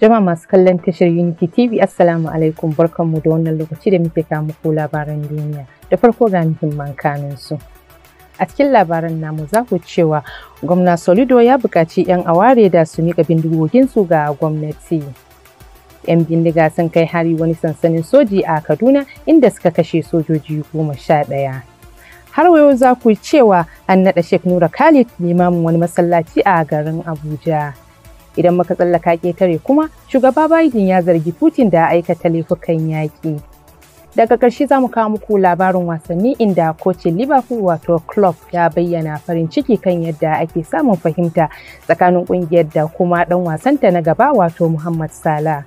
Jama'a masu kallon tashar Unity TV Assalamu alaikum barkanmu da wannan lokaci da muke kama ko labaran duniya. Da farko ga muhimman kanin su. A cikin labaran namu za ku cewa gwamna Solido ya buƙaci 'yan aware da su miƙa bindigoginsu ga gwamnati. 'Yan bindiga sun kai hari wani sansanin soji a Kaduna inda suka kashe sojoji goma sha ɗaya. har wayo za ku cewa an naɗa Sheikh Nura Khalid limamin wani masallaci a garin Abuja. idan muka tsallaka ketare kuma shugaba Biden ya zargi Putin da aikata laifukan yaƙi. Daga ƙarshe za mu kawo muku labarin wasanni inda kocin Liverpool wato Klopp ya bayyana farin ciki kan yadda ake samun fahimta tsakanin ƙungiyar da kuma ɗan wasanta na gaba wato Muhammad Salah.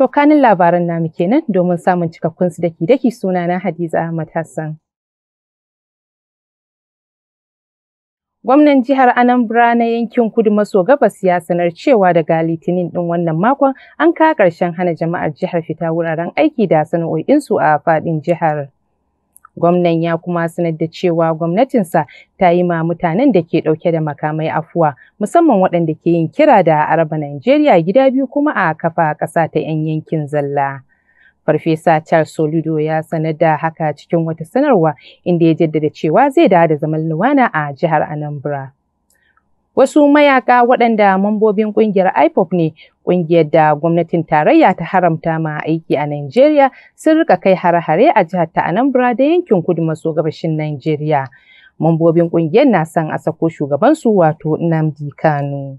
To kanin labaran namu kenan domin samun cikakkun su daki suna na Hadiza Ahmad Hassan. Gwamnan jihar Anambra na yankin kudu maso gabas ya sanar cewa daga litinin din wannan makon an kawo ƙarshen hana jama'ar jihar fita wuraren aiki da sana'o'insu a faɗin jihar. Gwamnan ya kuma sanar da cewa gwamnatinsa ta yi ma mutanen da ke ɗauke da makamai afuwa musamman waɗanda ke yin kira da araba Najeriya gida biyu kuma a kafa ƙasa ta 'yan yankin zalla. Farfesa Charles Soludo ya sanar da haka cikin wata sanarwa inda ya jaddada cewa zai dawo da zaman luwana a jihar Anambra. Wasu mayaka waɗanda mambobin ƙungiyar IPOP ne, ƙungiyar da gwamnatin tarayya ta haramta ma aiki a Najeriya sun rika kai hare-hare a jihar ta Anambra da yankin kudu maso gabashin Najeriya. Mambobin ƙungiyar na san a sako shugabansu wato Nnamdi Kanu.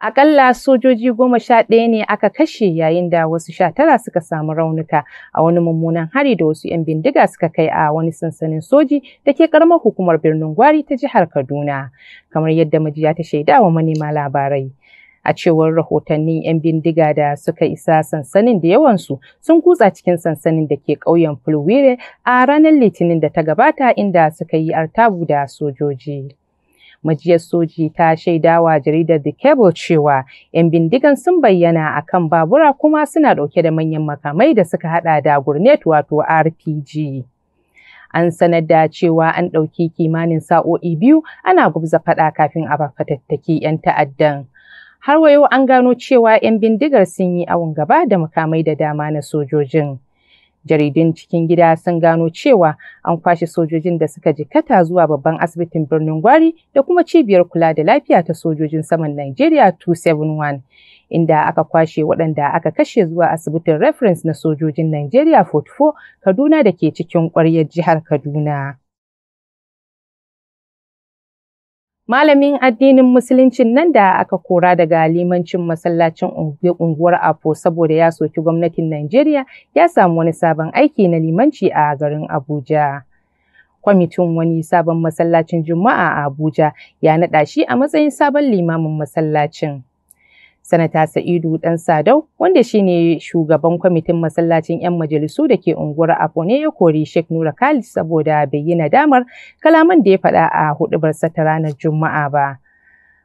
Akalla sojoji goma sha ɗaya ne aka kashe yayin da wasu sha tara suka samu raunuka a wani mummunan hari da wasu 'yan bindiga suka kai a wani sansanin soji da ke karamar hukumar birnin Gwari ta jihar Kaduna, kamar yadda majiya ta shaida wa manema labarai. A cewar rahotannin 'yan bindiga da suka isa sansanin da yawansu sun kutsa cikin sansanin da ke ƙauyen Fulwire a ranar Litinin da ta gabata inda suka yi artabu da sojoji. Majiyar soji ta shaidawa jaridar The Cable cewa 'yan bindigan sun bayyana a kan babura kuma suna ɗauke da manyan makamai da suka haɗa da gurnet wato RPG. An sanar da cewa an ɗauki kimanin sa'o'i biyu ana gubza faɗa kafin a fatattaki 'yan ta'addan. Har wayo an gano cewa 'yan bindigar sun yi awon gaba da makamai da dama na sojojin. jaridun cikin gida sun gano cewa an kwashe sojojin da suka jikata zuwa babban asibitin birnin gwari da kuma cibiyar kula da lafiya ta sojojin saman Najeriya 271 inda aka kwashe waɗanda aka kashe zuwa asibitin reference na sojojin Najeriya 44 Kaduna da ke cikin ƙwaryar jihar Kaduna. Malamin addinin musuluncin nan da aka kora daga limancin masallacin unguwar Apo saboda ya soki gwamnatin Najeriya ya samu wani sabon aiki na limanci a garin Abuja. Kwamitin wani sabon masallacin Juma'a a Abuja ya naɗa shi a matsayin sabon limamin masallacin. Sanata Sa'idu Dan Sadau wanda shine shugaban kwamitin masallacin 'yan majalisu da ke unguwar Afone ya kori Sheikh Nura Khalid saboda bai yi nadamar kalaman da ya faɗa a huɗubar ta ranar Juma'a ba.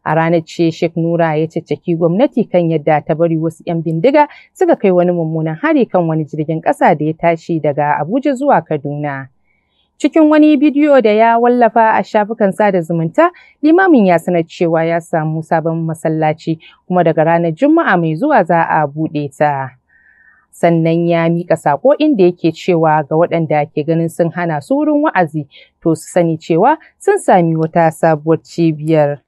A ranar ce Sheikh Nura ya caccaki gwamnati kan yadda ta bari wasu 'yan bindiga suka kai wani mummunan hari kan wani jirgin ƙasa da ya tashi daga Abuja zuwa Kaduna. Cikin wani bidiyo da ya wallafa a shafukan sada zumunta, limamin ya sanar cewa ya samu sabon masallaci kuma daga ranar Juma'a mai zuwa za a buɗe ta. Sannan ya mika sako inda yake cewa ga waɗanda ke ganin sun hana su wurin wa'azi to su sani cewa sun sami wata sabuwar cibiyar.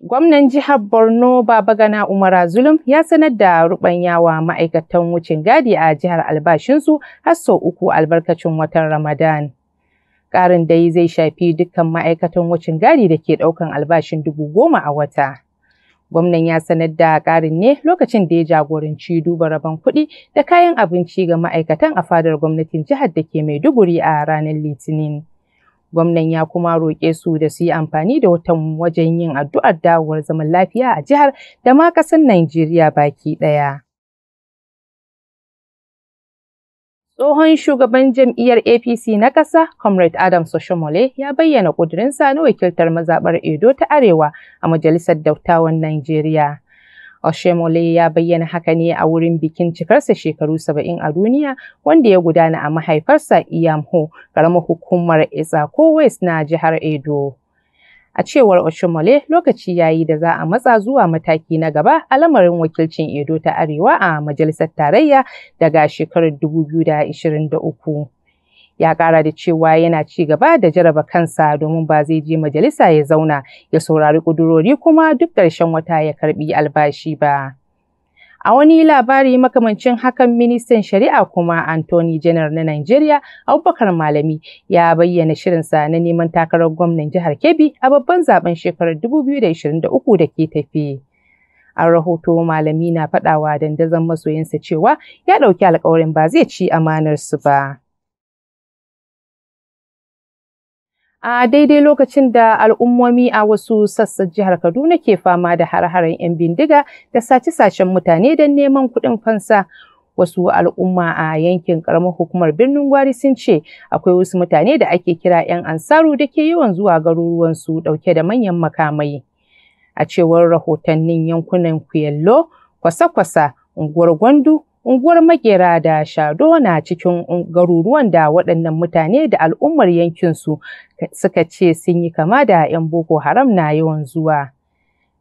Gwamnan jihar Borno Babagana Umara Zulum ya sanar da yawa ma'aikatan wucin gadi a jihar albashinsu har sau uku albarkacin watan Ramadan. Ƙarin dai zai shafi dukkan ma'aikatan wucin gadi da ke ɗaukan albashin dubu goma a wata. Gwamnan ya sanar da ƙarin ne lokacin da ya jagoranci duba rabon kuɗi da kayan abinci ga ma'aikatan a fadar gwamnatin jihar da ke Maiduguri a ranar Litinin. Gwamnan ya kuma roƙe su da su yi amfani da mu wajen yin addu'ar dawowar zaman lafiya a jihar da ma ƙasar Najeriya baki ɗaya. Tsohon shugaban jam'iyyar APC na ƙasa, Comrade Adam Soshomole, ya bayyana ƙudurinsa na wakiltar mazaɓar Edo ta Arewa a Majalisar Dauktawan Najeriya. Oshemole ya bayyana haka ne a wurin bikin cikarsa shekaru saba'in a duniya wanda ya gudana a mahaifarsa Iyamho, karamar hukumar Ezako West na jihar Edo. A cewar oshemole lokaci ya yi da za a matsa zuwa mataki na gaba a lamarin wakilcin Edo ta Arewa a Majalisar Tarayya daga shekarar 2023. ya kara da cewa yana ci gaba da jaraba kansa domin ba zai je majalisa ya zauna ya saurari kudurori kuma duk ƙarshen wata ya karbi albashi ba. A wani labari makamancin hakan ministan shari'a kuma Anthony Janar na Najeriya Abubakar Malami ya bayyana shirinsa na neman takarar gwamnan jihar Kebbi a babban zaben shekarar 2023 da ke tafi. An rahoto malami na faɗawa dandazon masoyinsa cewa ya ɗauki alkawarin ba zai ci amanarsu ba. a daidai lokacin da al'ummomi a wasu sassan jihar Kaduna ke fama da har 'yan bindiga da sace-sacen mutane don neman kuɗin fansa. Wasu al'umma a yankin ƙaramar hukumar birnin Gwari sun ce akwai wasu mutane da ake kira 'yan ansaru da ke yawan zuwa garuruwansu ɗauke da manyan makamai. A cewar rahotannin yankunan kuyallo, kwasa-kwasa, unguwar Gwandu, Unguwar Makera da Shado na cikin garuruwan da waɗannan mutane da al'ummar yankin su suka ce sun yi kama da 'yan Boko Haram na yawan zuwa.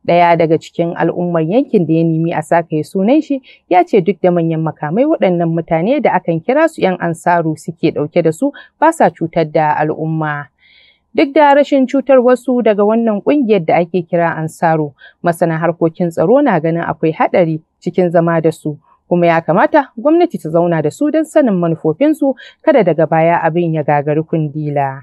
Ɗaya daga cikin al'ummar yankin da ya nemi a sakaye sunan shi ya ce duk da manyan makamai waɗannan mutane da akan kira su 'yan ansaru suke ɗauke da su ba sa cutar da al'umma. Duk da rashin cutar wasu daga wannan ƙungiyar da ake kira ansaru, masana harkokin tsaro na ganin akwai haɗari cikin zama da su kuma ya kamata gwamnati ta zauna da su don sanin manufofinsu kada daga baya abin ya gagari kundila.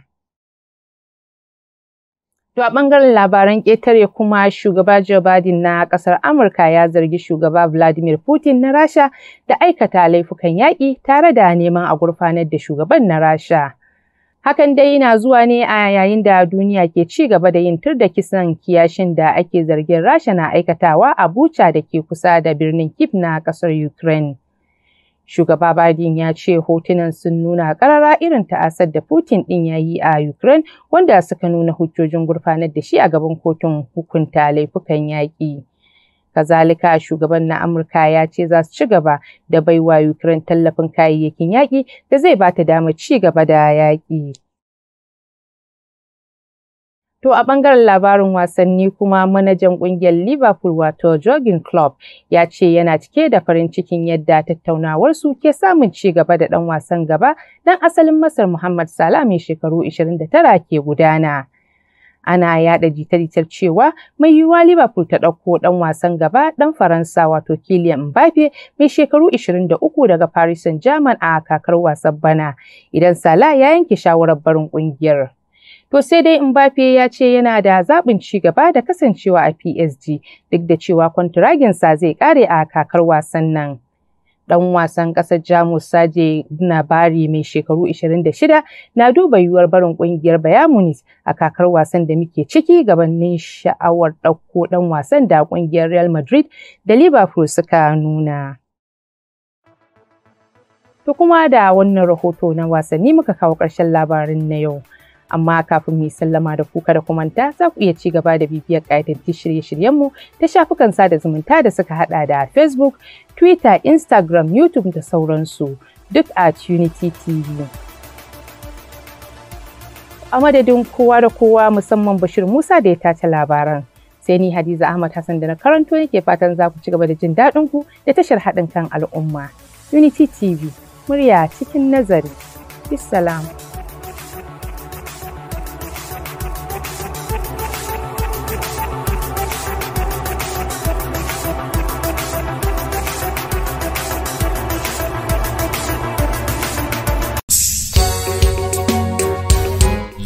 To a ɓangaren labaran ƙetare kuma shugaba Joe Biden na ƙasar Amurka ya zargi shugaba Vladimir Putin na Rasha da aikata laifukan yaƙi tare da neman a gurfanar da shugaban na Rasha. Hakan dai yana zuwa ne a yayin da duniya ke ci gaba da yin tur da kisan kiyashin da ake zargin Rasha na aikatawa a Bucha da ke kusa da birnin kip na ƙasar Ukraine. Shugaba Biden ya ce hotunan sun nuna ƙarara irin ta'asar da Putin ɗin ya yi a Ukraine wanda suka nuna hujjojin gurfanar da shi a gaban kotun hukunta laifukan yaƙi. Kazalika shugaban na Amurka ya ce za su ci gaba da baiwa Ukraine tallafin kayayyakin yaƙi da zai ba ta damar ci gaba da yaƙi. To a ɓangaren labarin wasanni kuma manajan ƙungiyar Liverpool wato Jurgen Klopp ya ce yana cike da farin cikin yadda tattaunawar su ke samun ci gaba da ɗan wasan gaba dan asalin Masar Muhammad Salah mai shekaru 29 ke gudana. ana yada jita-jitar cewa mai yiwuwa Liverpool ta ɗauko ɗan wasan gaba ɗan Faransa wato Kylian Mbappe mai shekaru 23 daga Paris Saint-Germain a kakar wasan bana idan Salah ya yanke shawarar barin ƙungiyar. To sai dai Mbappe ya ce yana da zaɓin ci gaba da kasancewa a PSG duk da cewa kwantiraginsa zai ƙare a kakar wasan nan. dan wasan kasar Jamus Saje Nabari mai shekaru 26 na duba yiwuwar barin kungiyar Bayamunis a kakar wasan da muke ciki gabanin sha'awar ɗauko dan wasan da kungiyar Real Madrid da Liverpool suka nuna. To kuma da wannan rahoto na wasanni muka kawo ƙarshen labarin na yau. amma kafin mu sallama da ku kada kumanta, za ku iya ci gaba da bibiyar ƙa'idanci shirye shiryen mu ta shafukan sada zumunta da suka hada da Facebook, Twitter, Instagram, YouTube da sauransu duk a Unity TV. A madadin kowa da kowa musamman Bashir Musa da ya tace labaran. Sai ni Hadiza Ahmad Hassan da na karanto yake fatan za ku ci gaba da jin daɗin ku da tashar haɗin kan al'umma. Unity TV, murya cikin nazari. Bissalam.